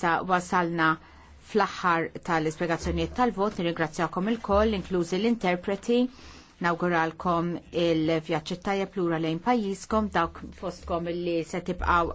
Sa wasalna fl-aħħar tal-ispiegazzjonijiet tal-vot, nirringrazzjakom il-koll, inklużi l-interpreti, nawguralkom il-vjaċċi tajjeb plura lejn pajjiżkom, dawk fostkom li se tibqaw